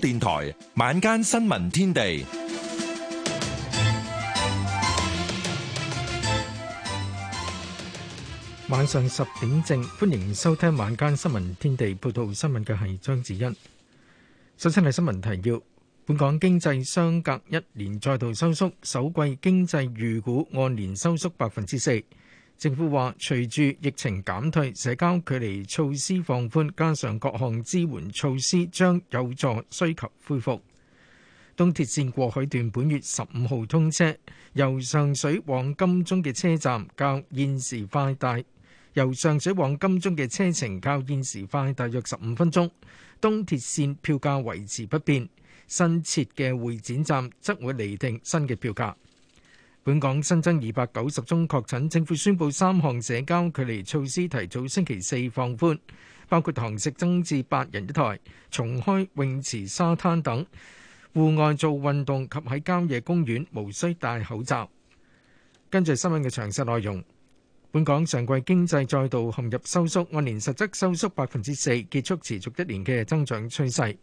電台晚間新聞天地，晚上十點正，歡迎收聽晚間新聞天地。報道新聞嘅係張子欣。首先係新聞提要：本港經濟相隔一年再度收縮，首季經濟預估按年收縮百分之四。政府話，隨住疫情減退、社交距離措施放寬，加上各項支援措施，將有助需求恢復。東鐵線過海段本月十五號通車，由上水往金鐘嘅車站較現時快大；由上水往金鐘嘅車程較現時快大約十五分鐘。東鐵線票價維持不變，新設嘅會展站則會厘定新嘅票價。本港新增二百九十宗確診，政府宣布三項社交距離措施提早星期四放寬，包括堂食增至八人一台、重開泳池、沙灘等戶外做運動及喺郊野公園無需戴口罩。跟住新聞嘅詳細內容，本港上季經濟再度陷入收縮，按年實質收縮百分之四，結束持續一年嘅增長趨勢。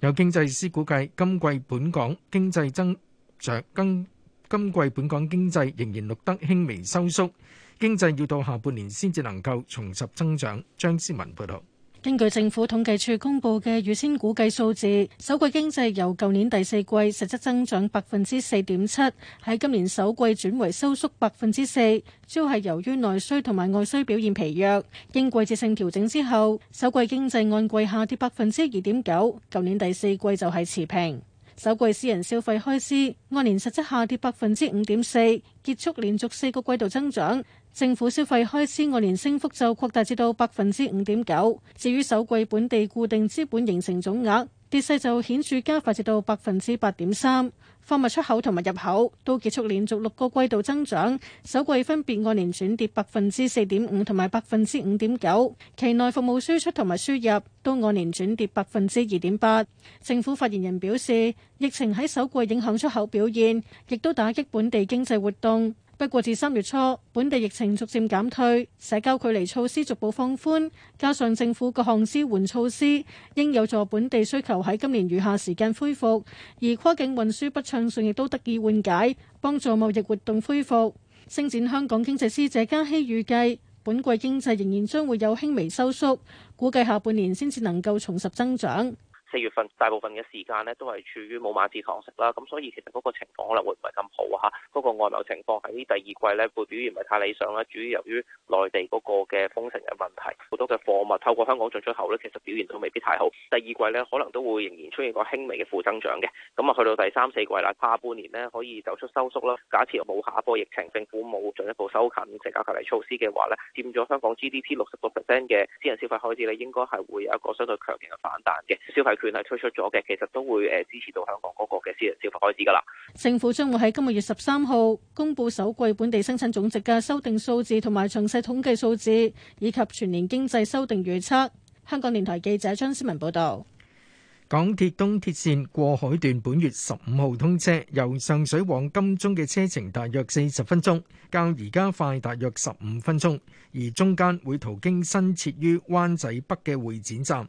有經濟師估計今季本港經濟增長更。今季本港經濟仍然錄得輕微收縮，經濟要到下半年先至能夠重拾增長。張思文報道，根據政府統計處公布嘅預先估計數字，首季經濟由舊年第四季實質增長百分之四點七，喺今年首季轉為收縮百分之四，主要係由於內需同埋外需表現疲弱。經季節性調整之後，首季經濟按季下跌百分之二點九，舊年第四季就係持平。首季私人消費開支按年實質下跌百分之五點四，結束連續四個季度增長。政府消費開支按年升幅就擴大至到百分之五點九。至於首季本地固定資本形成總額，跌勢就顯著加快至到百分之八點三。貨物出口同埋入口都結束連續六個季度增長，首季分別按年轉跌百分之四點五同埋百分之五點九。期內服務輸出同埋輸入都按年轉跌百分之二點八。政府發言人表示，疫情喺首季影響出口表現，亦都打擊本地經濟活動。不過，至三月初本地疫情逐漸減退，社交距離措施逐步放寬，加上政府各項支援措施，應有助本地需求喺今年餘下時間恢復。而跨境運輸不暢順亦都得以緩解，幫助貿易活動恢復。星展香港經濟師謝嘉希預計，本季經濟仍然將會有輕微收縮，估計下半年先至能夠重拾增長。四月份大部分嘅時間咧，都係處於冇晚市堂食啦，咁所以其實嗰個情況可能會唔係咁好嚇。嗰個外貿情況喺第二季呢，會表現唔係太理想啦，主要由於內地嗰個嘅封城嘅問題，好多嘅貨物透過香港進出口呢，其實表現都未必太好。第二季呢，可能都會仍然出現個輕微嘅負增長嘅。咁啊，去到第三四季啦，下半年呢，可以走出收縮啦。假設冇下一波疫情，政府冇進一步收緊社交距離措施嘅話呢，佔咗香港 GDP 六十多 percent 嘅私人消費開支呢，應該係會有一個相對強勁嘅反彈嘅消費券係推出咗嘅，其實都會誒支持到香港嗰個嘅私人消費開始㗎啦。政府將會喺今個月十三號公布首季本地生產總值嘅修訂數字，同埋詳細統計數字，以及全年經濟修訂預測。香港電台記者張思文報導。港鐵東鐵線過海段本月十五號通車，由上水往金鐘嘅車程大約四十分鐘，較而家快大約十五分鐘，而中間會途經新設於灣仔北嘅會展站。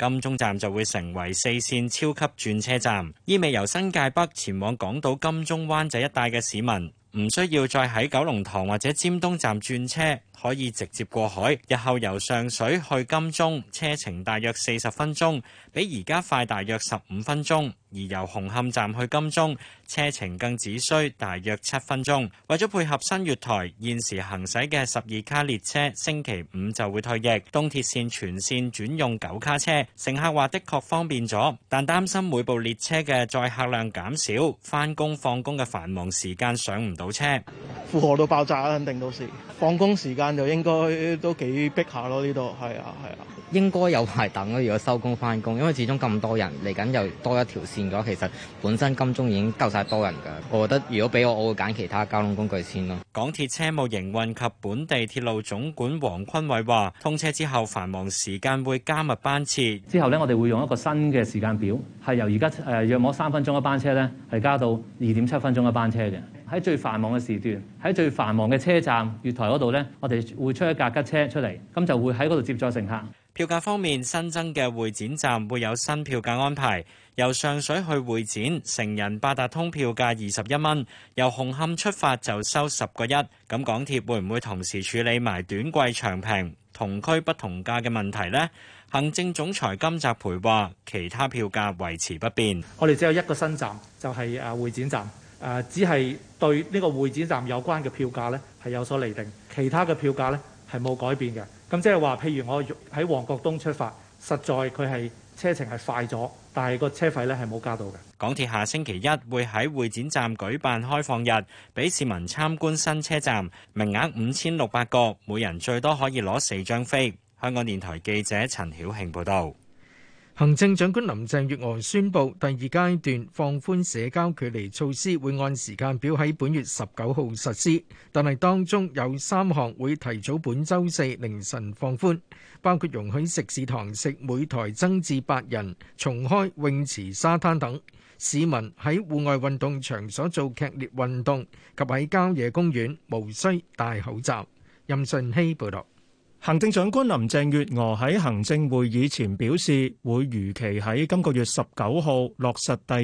金鐘站就會成為四線超級轉車站，意味由新界北前往港島金鐘灣仔一帶嘅市民，唔需要再喺九龍塘或者尖東站轉車。可以直接過海，日後由上水去金鐘車程大約四十分鐘，比而家快大約十五分鐘；而由紅磡站去金鐘車程更只需大約七分鐘。為咗配合新月台，現時行駛嘅十二卡列車，星期五就會退役。東鐵線全線轉用九卡車，乘客話的確方便咗，但擔心每部列車嘅載客量減少，返工放工嘅繁忙時間上唔到車，負荷到爆炸喇！肯定到時放工時間。就應該都幾逼下咯，呢度係啊，係啊，啊應該有排等咯。如果收工翻工，因為始終咁多人嚟緊，又多一條線嘅話，其實本身金鐘已經夠晒多人㗎。我覺得如果俾我，我會揀其他交通工具先咯。港鐵車務營運及本地鐵路總管黃坤偉話，通車之後繁忙時間會加密班次。之後咧，我哋會用一個新嘅時間表，係由而家誒約摸三分鐘一班車咧，係加到二點七分鐘一班車嘅。喺最繁忙嘅時段，喺最繁忙嘅車站月台嗰度呢，我哋會出一架吉車出嚟，咁就會喺嗰度接載乘客。票價方面，新增嘅會展站會有新票價安排。由上水去會展，成人八達通票價二十一蚊，由紅磡出發就收十個一。咁港鐵會唔會同時處理埋短貴長平同區不同價嘅問題呢？行政總裁金澤培話：其他票價維持不變。我哋只有一個新站，就係、是、誒會展站。誒只係對呢個會展站有關嘅票價咧係有所釐定，其他嘅票價咧係冇改變嘅。咁即係話，譬如我喺旺角東出發，實在佢係車程係快咗，但係個車費咧係冇加到嘅。港鐵下星期一會喺會展站舉辦開放日，俾市民參觀新車站，名額五千六百個，每人最多可以攞四張飛。香港電台記者陳曉慶報道。行政長官林鄭月娥宣布，第二階段放寬社交距離措施會按時間表喺本月十九號實施，但係當中有三項會提早本週四凌晨放寬，包括容許食肆堂食每枱增至八人、重開泳池、沙灘等。市民喺戶外運動場所做劇烈運動及喺郊野公園無需戴口罩。任順希報道。行政長官林鄭月娥喺行政會議前表示，會如期喺今個月十九號落實第二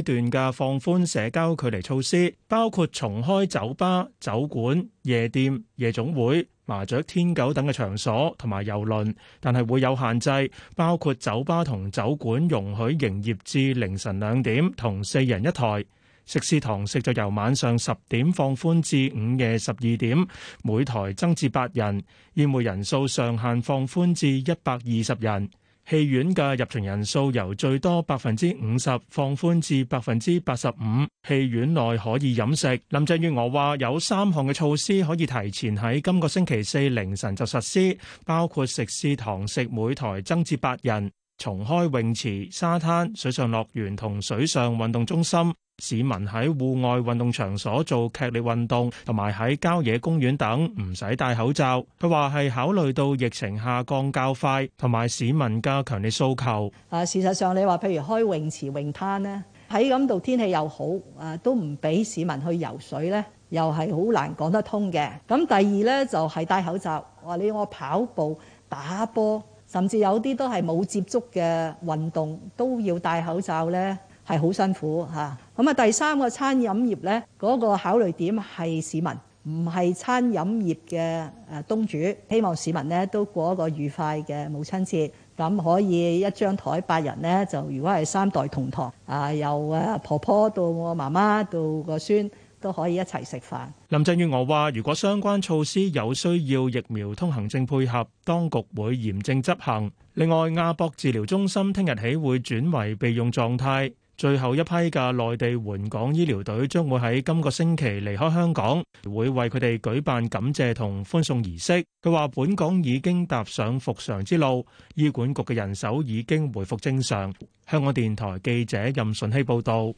階段嘅放寬社交距離措施，包括重開酒吧、酒館、夜店、夜總會、麻雀、天九等嘅場所同埋郵輪，但係會有限制，包括酒吧同酒館容許營業至凌晨兩點，同四人一台。食肆堂食就由晚上十點放寬至午夜十二點，每台增至八人；宴會人數上限放寬至一百二十人。戲院嘅入場人數由最多百分之五十放寬至百分之八十五，戲院內可以飲食。林鄭月娥話：有三項嘅措施可以提前喺今個星期四凌晨就實施，包括食肆堂食每台增至八人，重開泳池、沙灘、水上樂園同水上運動中心。市民喺戶外運動場所做劇烈運動，同埋喺郊野公園等唔使戴口罩。佢話係考慮到疫情下降較快，同埋市民加強烈嘅訴求。啊，事實上你話譬如開泳池、泳灘咧，喺咁度天氣又好，啊都唔俾市民去游水咧，又係好難講得通嘅。咁第二咧就係戴口罩。話你我跑步、打波，甚至有啲都係冇接觸嘅運動，都要戴口罩咧。係好辛苦嚇，咁啊第三個餐飲業咧，嗰個考慮點係市民，唔係餐飲業嘅誒東主。希望市民咧都過一個愉快嘅母親節，咁可以一張枱八人咧，就如果係三代同堂啊，由誒婆婆到我媽媽到個孫都可以一齊食飯。林鄭月娥話：如果相關措施有需要疫苗通行證配合，當局會嚴正執行。另外亞博治療中心聽日起會轉為備用狀態。最後一批嘅內地援港醫療隊將會喺今個星期離開香港，會為佢哋舉辦感謝同歡送儀式。佢話：本港已經踏上復常之路，醫管局嘅人手已經回復正常。香港電台記者任順希報導。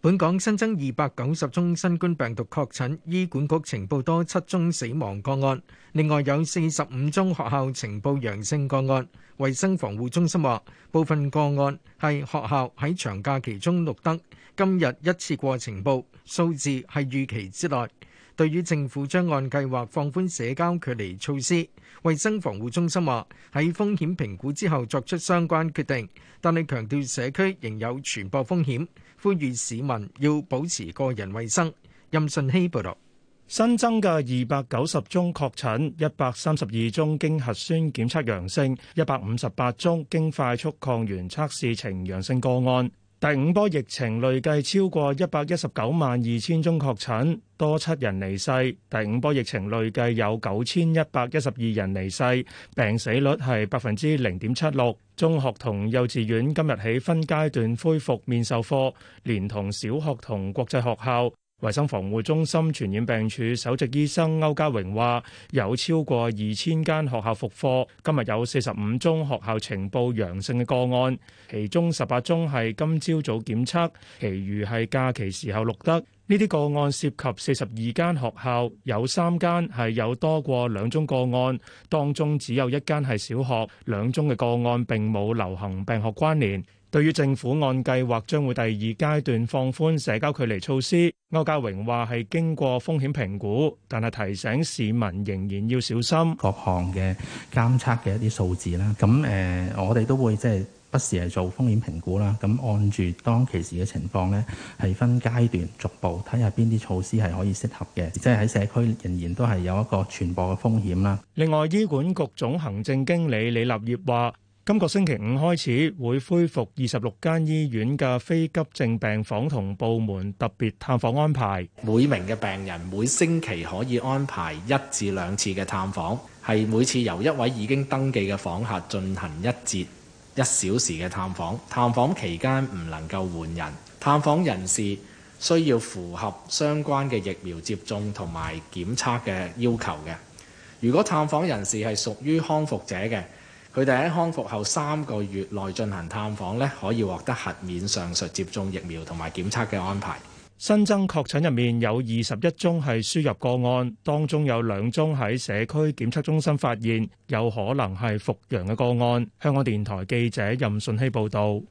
本港新增二百九十宗新冠病毒確診，醫管局呈報多七宗死亡個案，另外有四十五宗學校呈報陽性個案。衛生防護中心話，部分個案係學校喺長假期中錄得，今日一次過呈報數字係預期之內。對於政府將按計劃放寬社交距離措施，衛生防護中心話喺風險評估之後作出相關決定，但係強調社區仍有傳播風險，呼籲市民要保持個人衛生。任信希報道。新增嘅二百九十宗確診，一百三十二宗經核酸檢測陽性，一百五十八宗經快速抗原測試呈陽性個案。第五波疫情累計超過一百一十九萬二千宗確診，多七人離世。第五波疫情累計有九千一百一十二人離世，病死率係百分之零點七六。中學同幼稚園今日起分階段恢復面授課，連同小學同國際學校。衛生防護中心傳染病處首席醫生歐家榮話：有超過二千間學校復課，今日有四十五宗學校呈報陽性嘅個案，其中十八宗係今朝早檢測，其餘係假期時候錄得。呢啲個案涉及四十二間學校，有三間係有多過兩宗個案，當中只有一間係小學，兩宗嘅個案並冇流行病學關聯。對於政府按計劃將會第二階段放寬社交距離措施，歐家榮話係經過風險評估，但係提醒市民仍然要小心各項嘅監測嘅一啲數字啦。咁誒，我哋都會即係不時係做風險評估啦。咁按住當其時嘅情況咧，係分階段逐步睇下邊啲措施係可以適合嘅，即係喺社區仍然都係有一個傳播嘅風險啦。另外，醫管局總行政經理李立業話。今個星期五開始，會恢復二十六間醫院嘅非急症病房同部門特別探訪安排。每名嘅病人每星期可以安排一至兩次嘅探訪，係每次由一位已經登記嘅訪客進行一節一小時嘅探訪。探訪期間唔能夠換人。探訪人士需要符合相關嘅疫苗接種同埋檢測嘅要求嘅。如果探訪人士係屬於康復者嘅。佢哋喺康復後三個月內進行探訪呢，可以獲得核免上述接種疫苗同埋檢測嘅安排。新增確診入面有二十一宗係輸入個案，當中有兩宗喺社區檢測中心發現有可能係復陽嘅個案。香港電台記者任順希報導。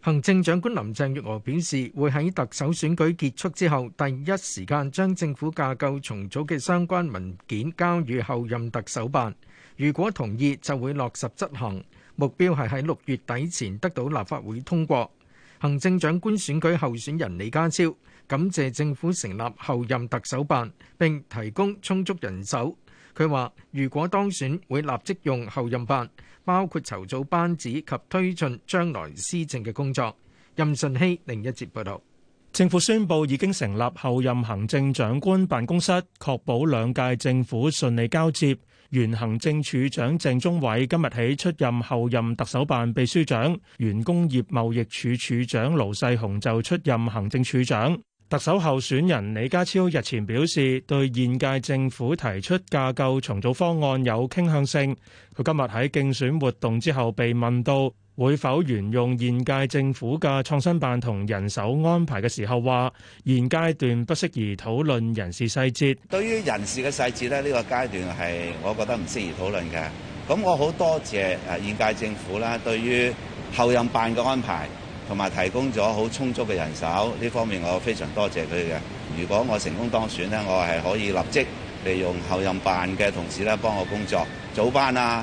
行政長官林鄭月娥表示，會喺特首選舉結束之後第一時間將政府架構重組嘅相關文件交予候任特首辦。如果同意就會落實執行，目標係喺六月底前得到立法會通過。行政長官選舉候選人李家超感謝政府成立候任特首辦，並提供充足人手。佢話如果當選會立即用候任辦，包括籌組班子及推進將來施政嘅工作。任舜熙。另一節報道，政府宣布已經成立候任行政長官辦公室，確保兩屆政府順利交接。原行政署長鄭中偉今日起出任後任特首辦秘書長，原工業貿易署署長盧世雄就出任行政署長。特首候選人李家超日前表示，對現屆政府提出架構重組方案有傾向性。佢今日喺競選活動之後被問到。會否沿用現屆政府嘅創新辦同人手安排嘅時候話，現階段不適宜討論人事細節。對於人事嘅細節咧，呢個階段係我覺得唔適宜討論嘅。咁我好多謝誒現屆政府啦，對於候任辦嘅安排同埋提供咗好充足嘅人手呢方面，我非常多謝佢嘅。如果我成功當選呢，我係可以立即利用候任辦嘅同事咧幫我工作，早班啊！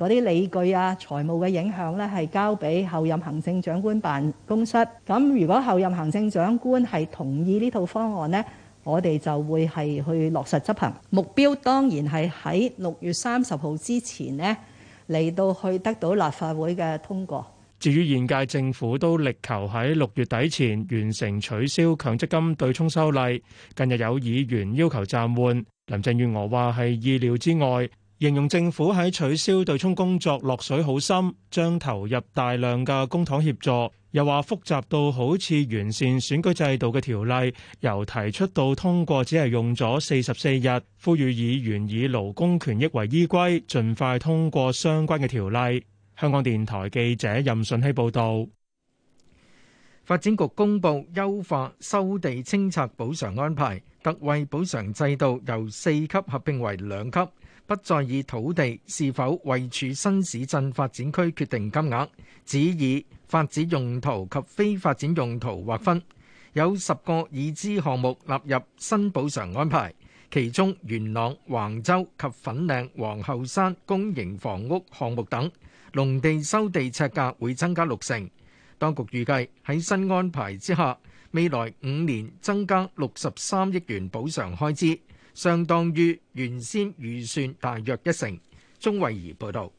嗰啲理據啊、財務嘅影響呢，係交俾後任行政長官辦公室。咁如果後任行政長官係同意呢套方案呢，我哋就會係去落實執行。目標當然係喺六月三十號之前呢，嚟到去得到立法會嘅通過。至於現屆政府都力求喺六月底前完成取消強積金對沖修例，近日有議員要求暫緩，林鄭月娥話係意料之外。形容政府喺取消對沖工作落水好深，將投入大量嘅公帑協助。又話複雜到好似完善選舉制度嘅條例，由提出到通過只係用咗四十四日。呼籲議員以勞工權益為依歸，盡快通過相關嘅條例。香港電台記者任順希報道。發展局公布優化收地清拆補償安排，特惠補償制度由四級合併為兩級。不再以土地是否位處新市鎮發展區決定金額，只以發展用途及非發展用途劃分。有十個已知項目納入新補償安排，其中元朗橫洲及粉嶺皇后山公營房屋項目等，農地收地尺價會增加六成。當局預計喺新安排之下，未來五年增加六十三億元補償開支。相當於原先預算大約一成。鍾慧儀報道，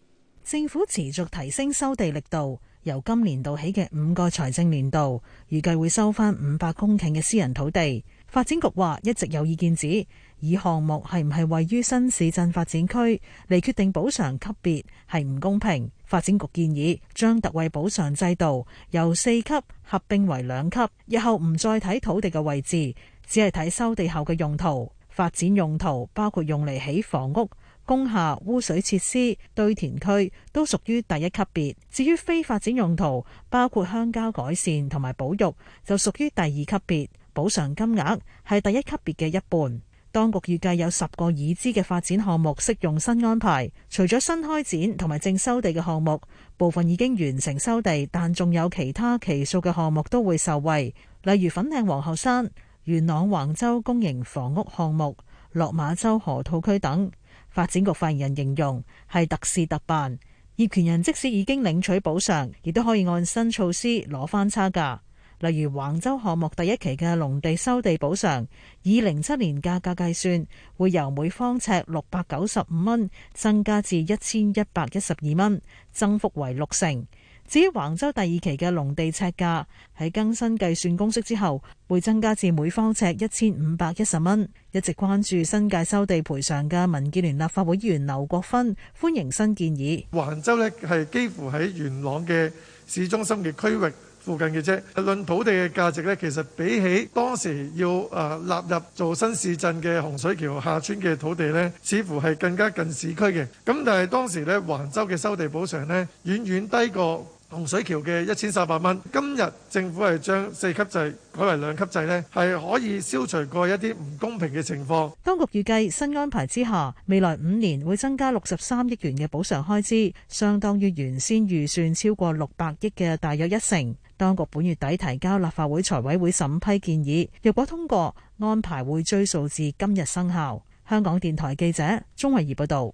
政府持續提升收地力度，由今年度起嘅五個財政年度預計會收翻五百公頃嘅私人土地。發展局話一直有意見指，以項目係唔係位於新市鎮發展區嚟決定補償級別係唔公平。發展局建議將特惠補償制度由四級合併為兩級，日後唔再睇土地嘅位置，只係睇收地後嘅用途。發展用途包括用嚟起房屋、工廈、污水設施、堆填區，都屬於第一級別。至於非發展用途，包括鄉郊改善同埋保育，就屬於第二級別。補償金額係第一級別嘅一半。當局預計有十個已知嘅發展項目適用新安排，除咗新開展同埋正收地嘅項目，部分已經完成收地，但仲有其他期數嘅項目都會受惠，例如粉嶺皇后山。元朗橫洲公營房屋項目、落馬洲河套區等。發展局發言人形容係特事特辦，業權人，即使已經領取補償，亦都可以按新措施攞返差價。例如橫洲項目第一期嘅農地收地補償，以零七年價格計算，會由每方尺六百九十五蚊增加至一千一百一十二蚊，增幅為六成。至於橫洲第二期嘅農地尺價喺更新計算公式之後，會增加至每方尺一千五百一十蚊。一直關注新界收地賠償嘅民建聯立法會議員劉國勳歡迎新建議。橫洲呢係幾乎喺元朗嘅市中心嘅區域附近嘅啫。論土地嘅價值呢，其實比起當時要誒納入做新市鎮嘅洪水橋廈村嘅土地呢，似乎係更加近市區嘅。咁但係當時咧，橫洲嘅收地補償呢，遠遠低過，洪水橋嘅一千三百蚊，今日政府係將四級制改為兩級制，呢係可以消除過一啲唔公平嘅情況。當局預計新安排之下，未來五年會增加六十三億元嘅補償開支，相當於原先預算超過六百億嘅大約一成。當局本月底提交立法會財委會審批建議，若果通過，安排會追溯至今日生效。香港電台記者鍾慧儀報道。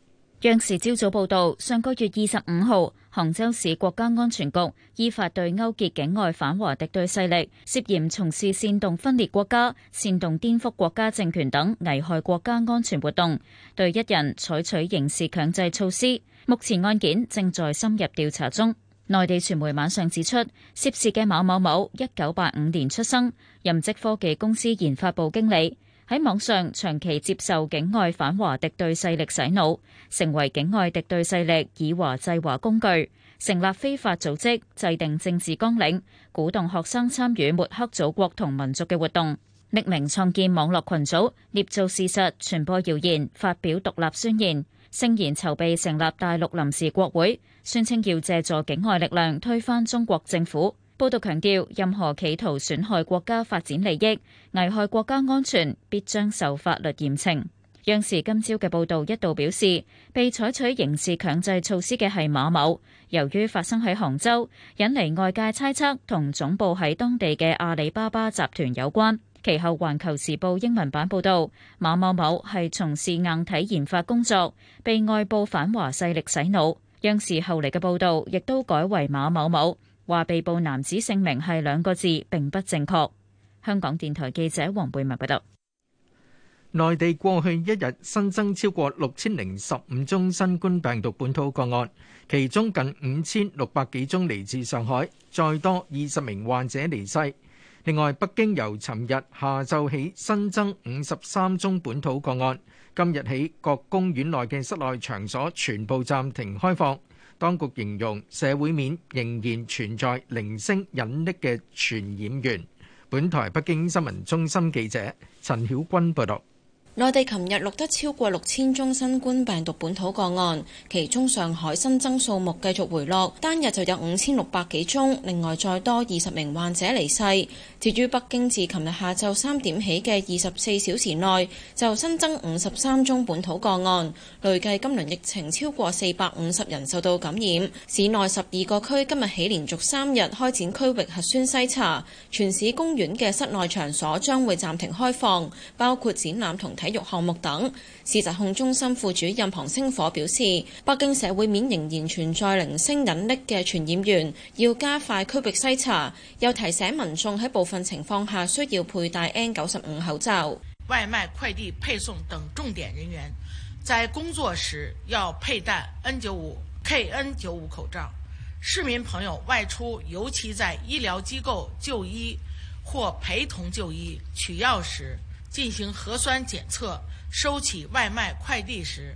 央視朝早報道，上個月二十五號，杭州市國家安全局依法對勾結境外反華敵對勢力、涉嫌從事煽動分裂國家、煽動顛覆國家政權等危害國家安全活動，對一人採取刑事強制措施。目前案件正在深入調查中。內地傳媒晚上指出，涉事嘅馬某某，一九八五年出生，任職科技公司研發部經理。喺網上長期接受境外反華敵對勢力洗腦，成為境外敵對勢力以華制華工具；成立非法組織，制定政治綱領，鼓動學生參與抹黑祖國同民族嘅活動；匿名創建網絡群組，捏造事實、傳播謠言、發表獨立宣言，聲言籌備成立大陸臨時國會，宣稱要借助境外力量推翻中國政府。報道強調，任何企圖損害國家發展利益、危害國家安全，必將受法律嚴懲。央視今朝嘅報道一度表示，被採取刑事強制措施嘅係馬某，由於發生喺杭州，引嚟外界猜測同總部喺當地嘅阿里巴巴集團有關。其後，《環球時報》英文版報道，馬某某係從事硬體研發工作，被外部反華勢力洗腦。央視後嚟嘅報道亦都改為馬某某。話被捕男子姓名係兩個字，並不正確。香港電台記者黃貝文報道：內地過去一日新增超過六千零十五宗新冠病毒本土個案，其中近五千六百幾宗嚟自上海，再多二十名患者離世。另外，北京由尋日下晝起新增五十三宗本土個案，今日起各公園內嘅室內場所全部暫停開放。當局形容社會面仍然存在零星隱匿嘅傳染源。本台北京新聞中心記者陳曉君報道。內地琴日錄得超過六千宗新冠病毒本土個案，其中上海新增數目繼續回落，單日就有五千六百幾宗，另外再多二十名患者離世。至於北京，自琴日下晝三點起嘅二十四小時內就新增五十三宗本土個案，累計今輪疫情超過四百五十人受到感染。市內十二個區今日起連續三日開展區域核酸篩查，全市公園嘅室內場所將會暫停開放，包括展覽同體育項目等，市疾控中心副主任龐星火表示，北京社會面仍然存在零星隱匿嘅傳染源，要加快區域篩查。又提醒民眾喺部分情況下需要佩戴 N 九十五口罩。外賣、快遞配送等重點人員在工作時要佩戴 N 九五、KN 九五口罩。市民朋友外出，尤其在醫療機構就醫或陪同就醫取藥時，進行核酸檢測、收取外賣快遞時，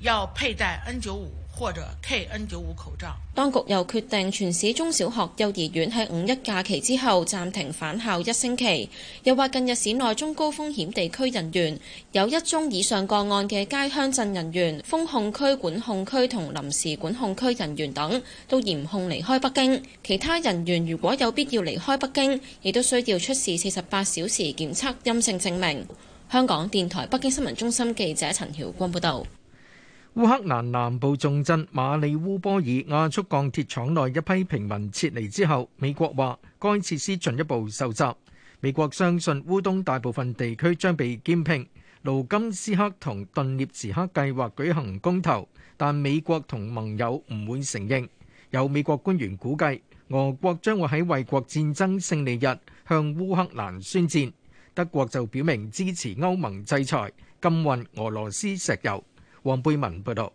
要佩戴 N95，或者 KN95 口罩。當局又決定全市中小學幼兒園喺五一假期之後暫停返校一星期。又話近日市內中高風險地區人員有一宗以上個案嘅街鄉鎮人員封控區管控區同臨時管控區人員等，都嚴控離開北京。其他人員如果有必要離開北京，亦都需要出示四十八小時檢測陰性證明。香港電台北京新聞中心記者陳曉君報道。烏克蘭南部重鎮馬里烏波爾亞速鋼鐵廠內一批平民撤離之後，美國話該設施進一步受襲。美國相信烏東大部分地區將被兼併。盧金斯克同頓涅茨克計劃舉行公投，但美國同盟友唔會承認。有美國官員估計，俄國將會喺衛國戰爭勝利日向烏克蘭宣戰。德國就表明支持歐盟制裁禁運俄羅斯石油。黃貝文報道，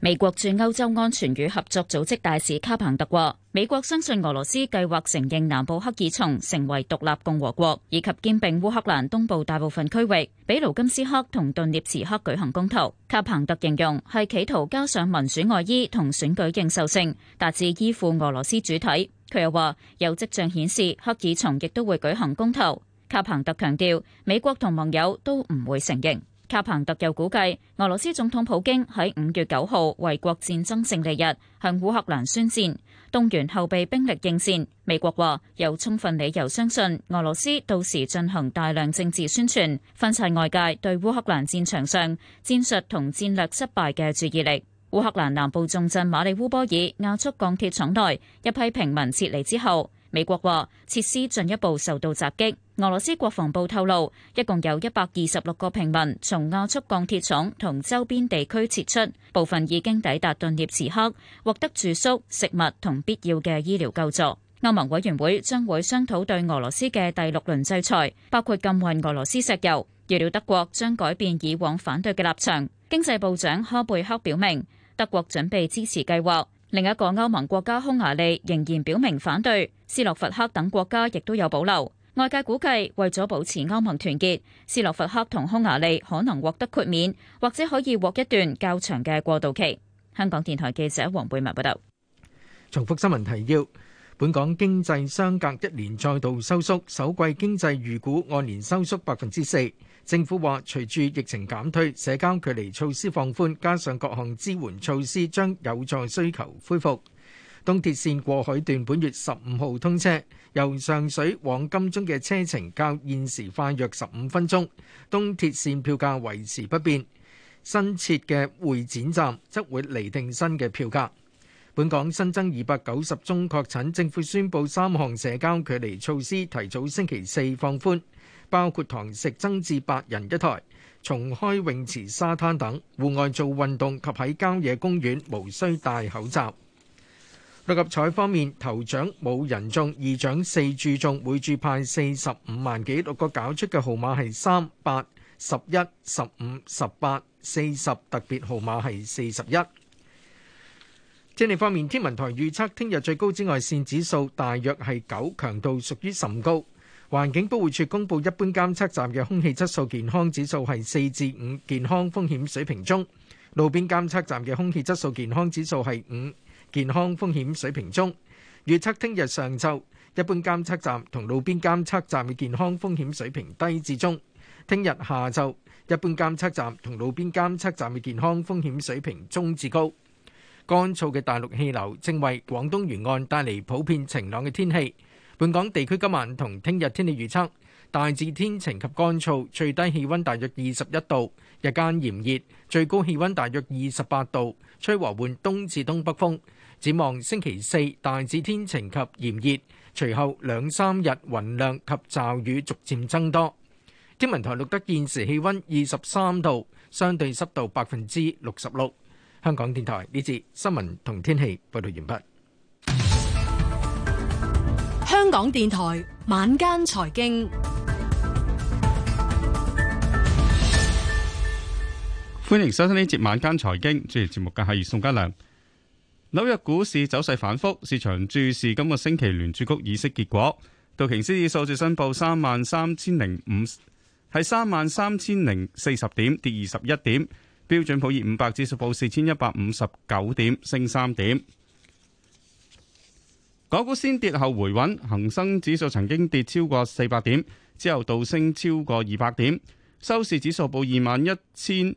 美國駐歐洲安全與合作組織大使卡彭特話，美國相信俄羅斯計劃承認南部赫爾松成為獨立共和國，以及兼併烏克蘭東部大部分區域。比盧金斯克同頓涅茨克舉行公投。卡彭特形容係企圖加上民選外衣同選舉認受性，達至依附俄羅斯主體。佢又話有跡象顯示赫爾松亦都會舉行公投。卡彭特強調，美國同盟友都唔會承認。卡彭特又估計，俄羅斯總統普京喺五月九號為國戰爭勝利日向烏克蘭宣戰，動員後備兵力應戰。美國話有充分理由相信，俄羅斯到時進行大量政治宣傳，分散外界對烏克蘭戰場上戰術同戰略失敗嘅注意力。烏克蘭南部重鎮馬里烏波爾亞速鋼鐵廠內一批平民撤離之後。美國話設施進一步受到襲擊。俄羅斯國防部透露，一共有一百二十六個平民從亞速鋼鐵廠同周邊地區撤出，部分已經抵達頓涅茨克，獲得住宿、食物同必要嘅醫療救助。歐盟委員會將會商討對俄羅斯嘅第六輪制裁，包括禁運俄羅斯石油。預料德國將改變以往反對嘅立場。經濟部長哈貝克表明，德國準備支持計劃。另一個歐盟國家匈牙利仍然表明反對，斯洛伐克等國家亦都有保留。外界估計為咗保持歐盟團結，斯洛伐克同匈牙利可能獲得豁免，或者可以獲一段較長嘅過渡期。香港電台記者黃貝文報道。重複新聞提要，本港經濟相隔一年再度收縮，首季經濟預估按年收縮百分之四。政府話，隨住疫情減退、社交距離措施放寬，加上各項支援措施，將有助需求恢復。東鐵線過海段本月十五號通車，由上水往金鐘嘅車程較現時快約十五分鐘。東鐵線票價維持不變，新設嘅會展站則會釐定新嘅票價。本港新增二百九十宗確診，政府宣布三項社交距離措施提早星期四放寬。包括堂食增至百人一台，重開泳池、沙灘等戶外做運動及喺郊野公園無需戴口罩。六合彩方面，頭獎冇人中，二獎四注中，每注派四十五萬幾。六個攪出嘅號碼係三、八、十一、十五、十八、四十，特別號碼係四十一。天氣方面，天文台預測聽日最高紫外線指數大約係九，強度屬於甚高。環境保護署公布，一般監測站嘅空氣質素健康指數係四至五，健康風險水平中；路邊監測站嘅空氣質素健康指數係五，健康風險水平中。預測聽日上晝，一般監測站同路邊監測站嘅健康風險水平低至中；聽日下晝，一般監測站同路邊監測站嘅健康風險水平中至高。乾燥嘅大陸氣流正為廣東沿岸帶嚟普遍晴朗嘅天氣。本港地區今晚同聽日天氣預測，大致天晴及乾燥，最低氣温大約二十一度，日間炎熱，最高氣温大約二十八度，吹和緩東至東北風。展望星期四大致天晴及炎熱，隨後兩三日雲量及驟雨逐漸增多。天文台錄得現時氣温二十三度，相對濕度百分之六十六。香港電台呢節新聞同天氣報道完畢。香港電台晚間財經，歡迎收聽呢節晚間財經主持節目嘅係宋嘉良。紐約股市走勢反覆，市場注視今個星期聯儲局議息結果。道瓊斯指數最新報三萬三千零五，係三萬三千零四十點，跌二十一點。標準普爾五百指數報四千一百五十九點，升三點。港股先跌後回穩，恒生指數曾經跌超過四百點，之後倒升超過二百點，收市指數報二萬一千，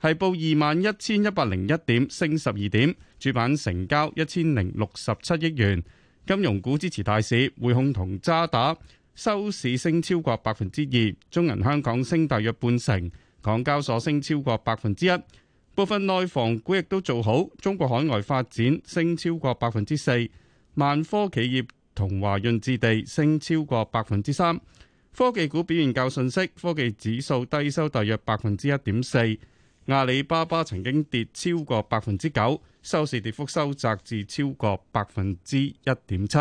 係報二萬一千一百零一點，升十二點。主板成交一千零六十七億元。金融股支持大市，匯控同渣打收市升超過百分之二，中銀香港升大約半成，港交所升超過百分之一。部分內房股亦都做好，中國海外發展升超過百分之四。萬科企業同華潤置地升超過百分之三，科技股表現較遜色，科技指數低收大約百分之一點四。阿里巴巴曾經跌超過百分之九，收市跌幅收窄至超過百分之一點七。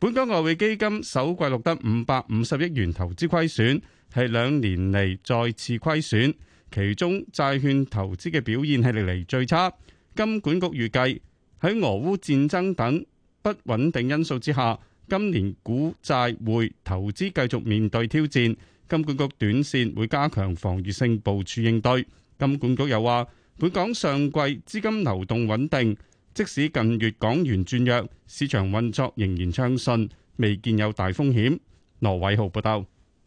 本港外匯基金首季錄得五百五十億元投資虧損，係兩年嚟再次虧損，其中債券投資嘅表現係歷來最差。金管局預計，喺俄烏戰爭等不穩定因素之下，今年股債匯投資繼續面對挑戰。金管局短線會加強防禦性部署應對。金管局又話：本港上季資金流動穩定，即使近月港元轉弱，市場運作仍然暢順，未見有大風險。羅偉浩報道。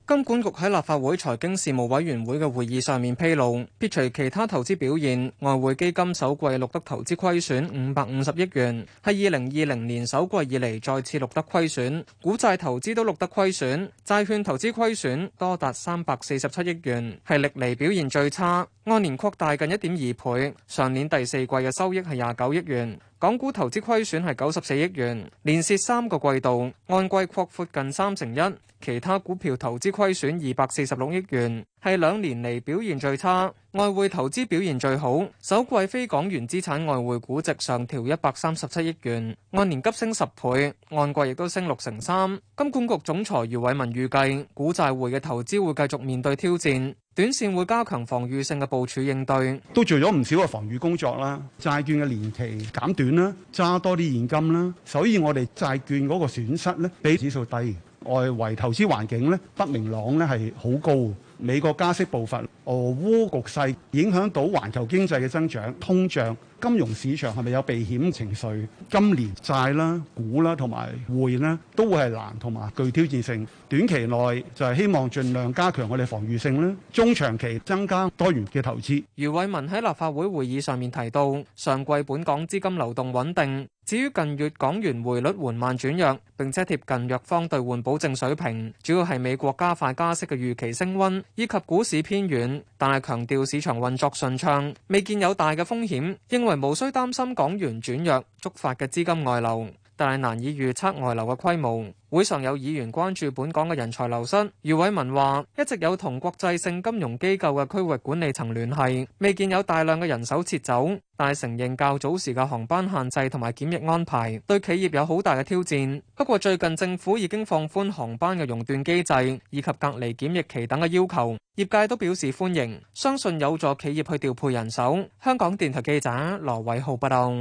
金管局喺立法會財經事務委員會嘅會議上面披露，撇除其他投資表現，外匯基金首季錄得投資虧損五百五十億元，係二零二零年首季以嚟再次錄得虧損，股債投資都錄得虧損，債券投資虧損多達三百四十七億元，係歷嚟表現最差，按年擴大近一點二倍，上年第四季嘅收益係廿九億元。港股投資虧損係九十四億元，連蝕三個季度，按季擴闊近三成一。其他股票投資虧損二百四十六億元，係兩年嚟表現最差。外匯投資表現最好，首季非港元資產外匯估值上調一百三十七億元，按年急升十倍，按季亦都升六成三。金管局總裁余偉文預計，股債匯嘅投資會繼續面對挑戰。短線會加強防禦性嘅部署應對，都做咗唔少嘅防禦工作啦。債券嘅年期減短啦，揸多啲現金啦。所以我哋債券嗰個損失咧，比指數低。外圍投資環境咧，不明朗咧係好高，美國加息步伐、俄烏局勢影響到環球經濟嘅增長、通脹。金融市場係咪有避險情緒？今年債啦、股啦同埋匯呢，都會係難同埋具挑戰性。短期內就係希望盡量加強我哋防禦性咧，中長期增加多元嘅投資。余偉文喺立法會會議上面提到，上季本港資金流動穩定。至於近月港元匯率緩慢轉弱，並且貼近弱方兌換保證水平，主要係美國加快加息嘅預期升溫，以及股市偏軟。但係強調市場運作順暢，未見有大嘅風險。認為無需擔心港元轉弱觸發嘅資金外流。但係難以預測外流嘅規模。會上有議員關注本港嘅人才流失。余偉文話：一直有同國際性金融機構嘅區域管理層聯繫，未見有大量嘅人手撤走。但係承認較早時嘅航班限制同埋檢疫安排對企業有好大嘅挑戰。不過最近政府已經放寬航班嘅熔斷機制以及隔離檢疫期等嘅要求，業界都表示歡迎，相信有助企業去調配人手。香港電台記者羅偉浩報道。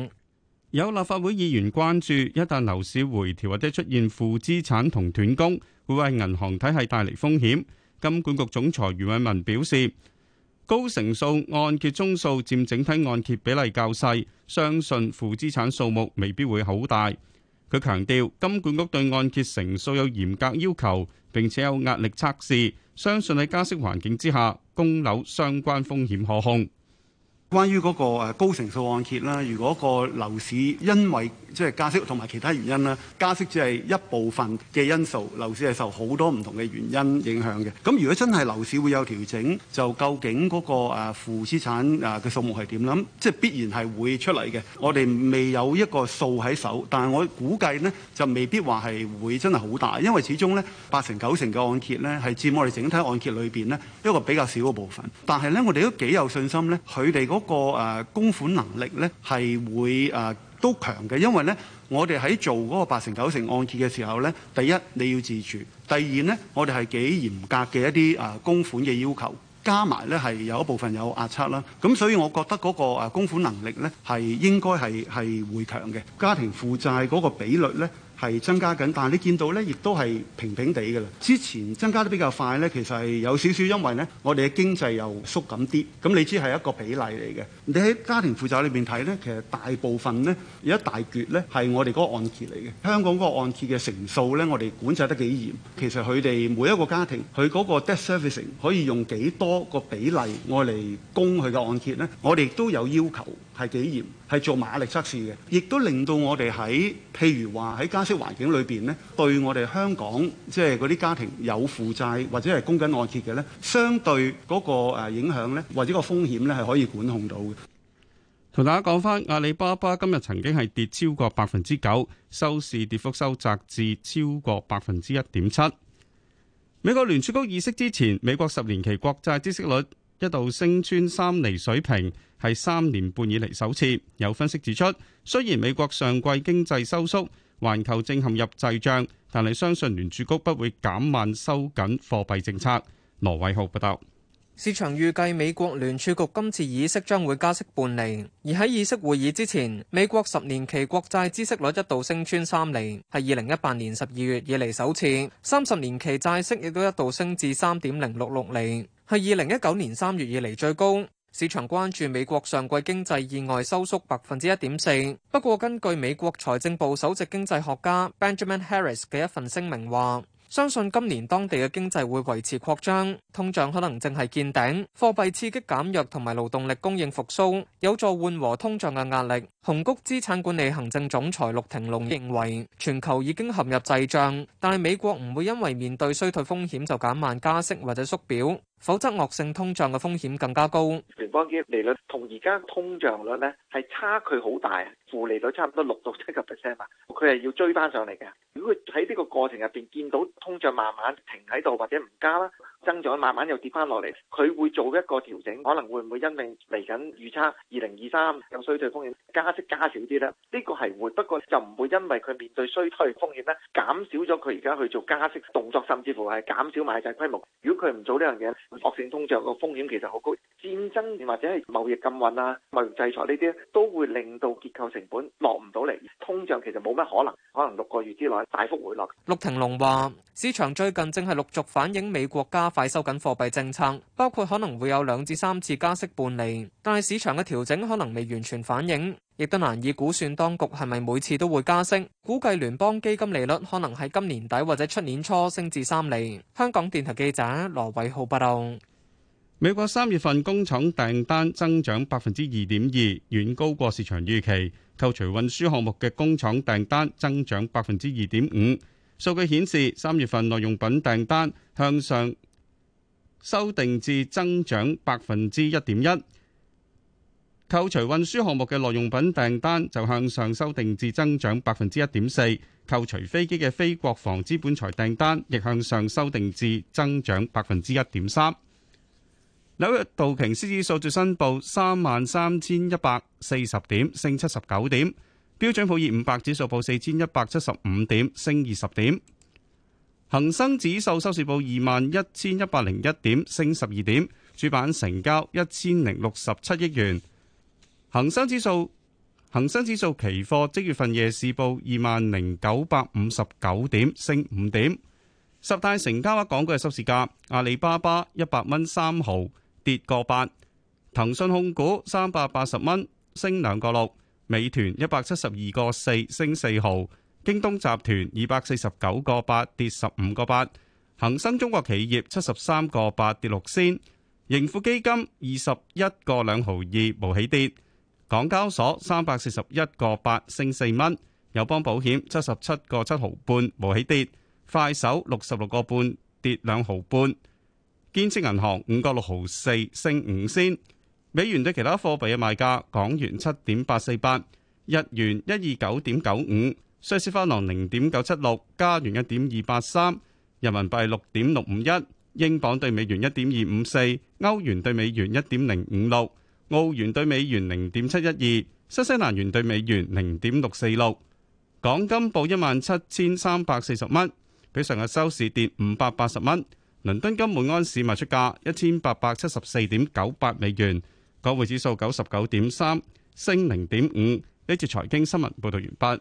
有立法會議員關注，一旦樓市回調或者出現負資產同斷供，會為銀行體系帶嚟風險。金管局總裁余偉文表示，高成數按揭宗數佔整體按揭比例較細，相信負資產數目未必會好大。佢強調，金管局對按揭成數有嚴格要求，並且有壓力測試，相信喺加息環境之下，供樓相關風險可控。關於嗰個高成數按揭啦，如果個樓市因為即係、就是、加息同埋其他原因咧，加息只係一部分嘅因素，樓市係受好多唔同嘅原因影響嘅。咁如果真係樓市會有調整，就究竟嗰個誒負資產啊嘅數目係點咧？即係必然係會出嚟嘅。我哋未有一個數喺手，但係我估計呢就未必話係會真係好大，因為始終呢八成九成嘅按揭呢係佔我哋整體按揭裏邊呢一個比較少嘅部分。但係呢，我哋都幾有信心呢，佢哋嗰個誒供款能力呢係會誒都強嘅，因為呢我哋喺做嗰個八成九成按揭嘅時候呢，第一你要自住，第二呢我哋係幾嚴格嘅一啲誒供款嘅要求，加埋呢係有一部分有壓測啦，咁所以我覺得嗰個誒供款能力呢係應該係係會強嘅，家庭負債嗰個比率呢。係增加緊，但係你見到呢，亦都係平平地㗎啦。之前增加得比較快呢，其實有少少，因為呢，我哋嘅經濟又縮緊啲。咁你知係一個比例嚟嘅。你喺家庭負債裏面睇呢，其實大部分呢，有一大橛呢，係我哋嗰個按揭嚟嘅。香港嗰個按揭嘅成數呢，我哋管制得幾嚴。其實佢哋每一個家庭，佢嗰個 debt servicing 可以用幾多個比例我嚟供佢嘅按揭呢，我哋都有要求係幾嚴，係做馬力測試嘅，亦都令到我哋喺譬如話喺家息環境裏邊咧，對我哋香港即係嗰啲家庭有負債或者係供緊按揭嘅咧，相對嗰個影響咧，或者個風險咧，係可以管控到嘅。同大家講返，阿里巴巴今日曾經係跌超過百分之九，收市跌幅收窄至超過百分之一點七。美國聯儲局議息之前，美國十年期國債孳息率一度升穿三厘水平，係三年半以嚟首次。有分析指出，雖然美國上季經濟收縮。環球正陷入滯脹，但係相信聯儲局不會減慢收緊貨幣政策。羅偉浩報道，市場預計美國聯儲局今次議息將會加息半厘，而喺議息會議之前，美國十年期國債孳息率一度升穿三厘，係二零一八年十二月以嚟首次；三十年期債息亦都一度升至三點零六六厘，係二零一九年三月以嚟最高。市場關注美國上季經濟意外收縮百分之一點四。不過，根據美國財政部首席經濟學家 Benjamin Harris 嘅一份聲明話，相信今年當地嘅經濟會維持擴張，通脹可能正係見頂。貨幣刺激減弱同埋勞動力供應復甦有助緩和通脹嘅壓力。紅谷資產管理行政總裁陸廷龍認為，全球已經陷入滯脹，但係美國唔會因為面對衰退風險就減慢加息或者縮表。否則惡性通脹嘅風險更加高。聯邦基金利率同而家通脹率咧係差距好大，負利率差唔多六到七個 percent 啊，佢係要追翻上嚟嘅。如果佢喺呢個過程入邊見到通脹慢慢停喺度或者唔加啦。增長慢慢又跌翻落嚟，佢會做一個調整，可能會唔會因為嚟緊預測二零二三有衰退風險，加息加少啲咧？呢個係會，不過就唔會因為佢面對衰退風險咧，減少咗佢而家去做加息動作，甚至乎係減少買債規模。如果佢唔做呢樣嘢，惡性通脹個風險其實好高。戰爭或者係貿易禁運啊、貿易制裁呢啲都會令到結構成本落唔到嚟，通脹其實冇乜可能，可能六個月之內大幅回落。陸廷龍話：市場最近正係陸續反映美國加快收緊貨幣政策，包括可能會有兩至三次加息半厘，但係市場嘅調整可能未完全反映，亦都難以估算當局係咪每次都會加息。估計聯邦基金利率可能喺今年底或者出年初升至三厘。香港電台記者羅偉浩報道，美國三月份工廠訂單增長百分之二點二，遠高過市場預期。扣除運輸項目嘅工廠訂單增長百分之二點五。數據顯示，三月份耐用品訂單向上。修訂至增長百分之一點一，扣除運輸項目嘅耐用品訂單就向上修訂至增長百分之一點四，扣除飛機嘅非國防資本財訂單亦向上修訂至增長百分之一點三。紐約道瓊斯指數最新報三萬三千一百四十點，升七十九點。標準普爾五百指數報四千一百七十五點，升二十點。恒生指數收市報二萬一千一百零一點，升十二點，主板成交一千零六十七億元。恒生指數、恒生指數期貨即月份夜市報二萬零九百五十九點，升五點。十大成交額港股嘅收市價：阿里巴巴一百蚊三毫跌個八，騰訊控股三百八十蚊升兩個六，美團一百七十二個四升四毫。京東集團二百四十九個八跌十五個八，恒生中國企業七十三個八跌六仙，盈富基金二十一個兩毫二無起跌，港交所三百四十一個八升四蚊，友邦保險七十七個七毫半無起跌，快手六十六個半跌兩毫半，建設銀行五個六毫四升五仙，美元對其他貨幣嘅賣價，港元七點八四八，日元一二九點九五。瑞士法郎零點九七六，加元一點二八三，人民幣六點六五一，英鎊兌美元一點二五四，歐元兌美元一點零五六，澳元兌美元零點七一二，新西蘭元兌美元零點六四六。港金報一萬七千三百四十蚊，比上日收市跌五百八十蚊。倫敦金每安士賣出價一千八百七十四點九八美元，港匯指數九十九點三，升零點五。呢節財經新聞報道完畢。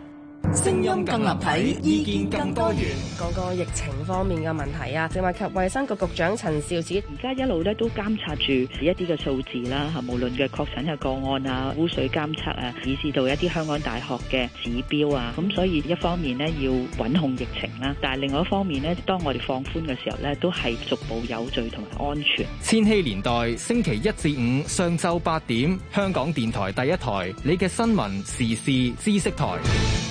聲音更立體，意見更多元。個個疫情方面嘅問題啊，食物及衛生局局長陳肇始而家一路咧都監察住一啲嘅數字啦，吓無論嘅確診嘅個案啊、污水監測啊，以至到一啲香港大學嘅指標啊。咁所以一方面呢，要穩控疫情啦，但係另外一方面呢，當我哋放寬嘅時候呢，都係逐步有序同埋安全。千禧年代星期一至五上晝八點，香港電台第一台，你嘅新聞時事知識台。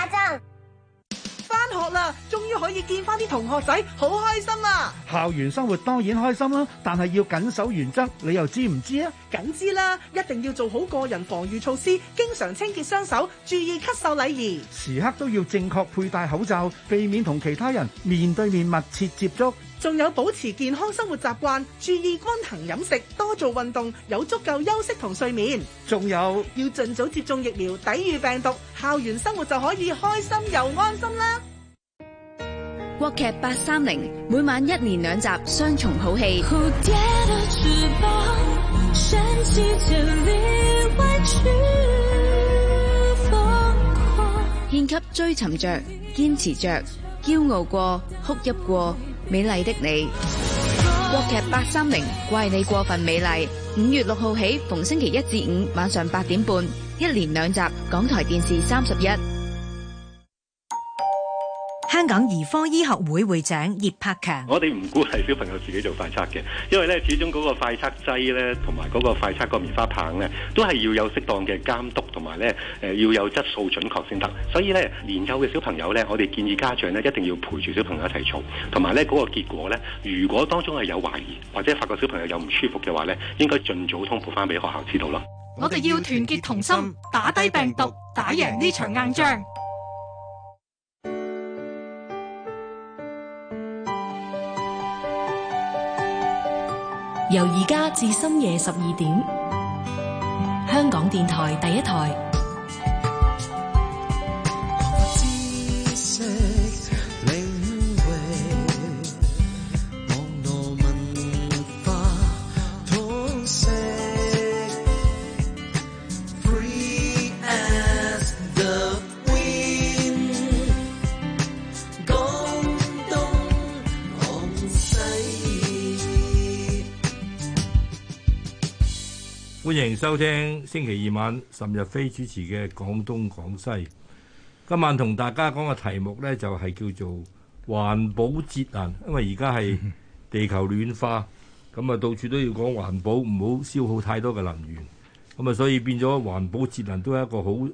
學啦，終於可以見翻啲同學仔，好開心啊！校園生活當然開心啦，但係要謹守原則，你又知唔知啊？梗知啦，一定要做好個人防禦措施，經常清潔雙手，注意咳嗽禮儀，時刻都要正確佩戴口罩，避免同其他人面對面密切接觸。仲有保持健康生活習慣，注意均衡飲食，多做運動，有足夠休息同睡眠。仲有要盡早接種疫苗，抵禦病毒，校園生活就可以開心又安心啦！國劇八三零每晚一連兩集，雙重好戲。獻給追尋着、堅持着、驕傲過、哭泣過、美麗的你。國劇八三零，怪你過分美麗。五月六號起，逢星期一至五晚上八點半，一連兩集，港台電視三十一。香港兒科醫學會會長葉柏強：我哋唔鼓勵小朋友自己做快測嘅，因為咧始終嗰個快測劑咧，同埋嗰個快測個棉花棒咧，都係要有適當嘅監督，同埋咧誒要有質素準確先得。所以咧年幼嘅小朋友咧，我哋建議家長咧一定要陪住小朋友一齊做，同埋咧嗰個結果咧，如果當中係有懷疑或者發覺小朋友有唔舒服嘅話咧，應該盡早通報翻俾學校知道咯。我哋要團結同心，打低病毒，打贏呢場硬仗。由而家至深夜十二點，香港電台第一台。歡迎收聽星期二晚岑日飛主持嘅《廣東廣西》。今晚同大家講嘅題目呢，就係叫做環保節能。因為而家係地球暖化，咁啊到處都要講環保，唔好消耗太多嘅能源。咁啊，所以變咗環保節能都係一個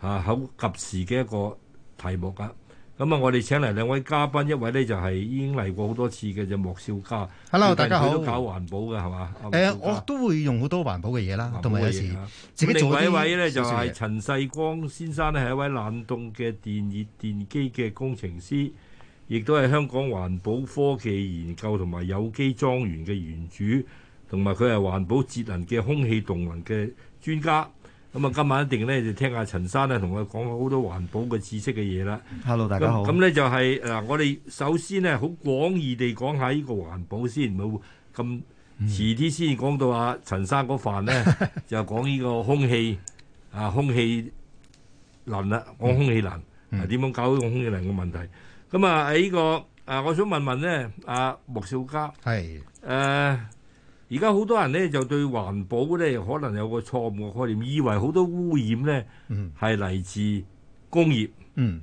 好啊好及時嘅一個題目㗎！咁啊，我哋請嚟兩位嘉賓，一位咧就係已經嚟過好多次嘅就莫少嘉。Hello，大家好。佢都搞環保嘅係嘛？誒、欸，我都會用好多環保嘅嘢啦，同埋有時。另一位咧就係陳世光先生咧，係一位冷凍嘅電熱電機嘅工程師，亦都係香港環保科技研究同埋有機莊園嘅原主，同埋佢係環保節能嘅空氣動能嘅專家。咁啊、嗯，今晚一定咧就聽阿陳生咧同我講好多環保嘅知識嘅嘢啦。Hello，大家好。咁咧就係、是、嗱、呃，我哋首先咧好廣義地講下呢個環保先，唔好咁遲啲先講到阿、啊、陳生嗰飯咧， 就講呢個空氣啊，空氣能啊，講空氣能、嗯、啊，點樣搞呢個空氣能嘅問題。咁啊喺呢個啊，我想問問咧，阿、啊、莫少嘉係誒。是呃而家好多人咧就對環保咧可能有個錯誤嘅概念，以為好多污染咧係嚟自工業。嗯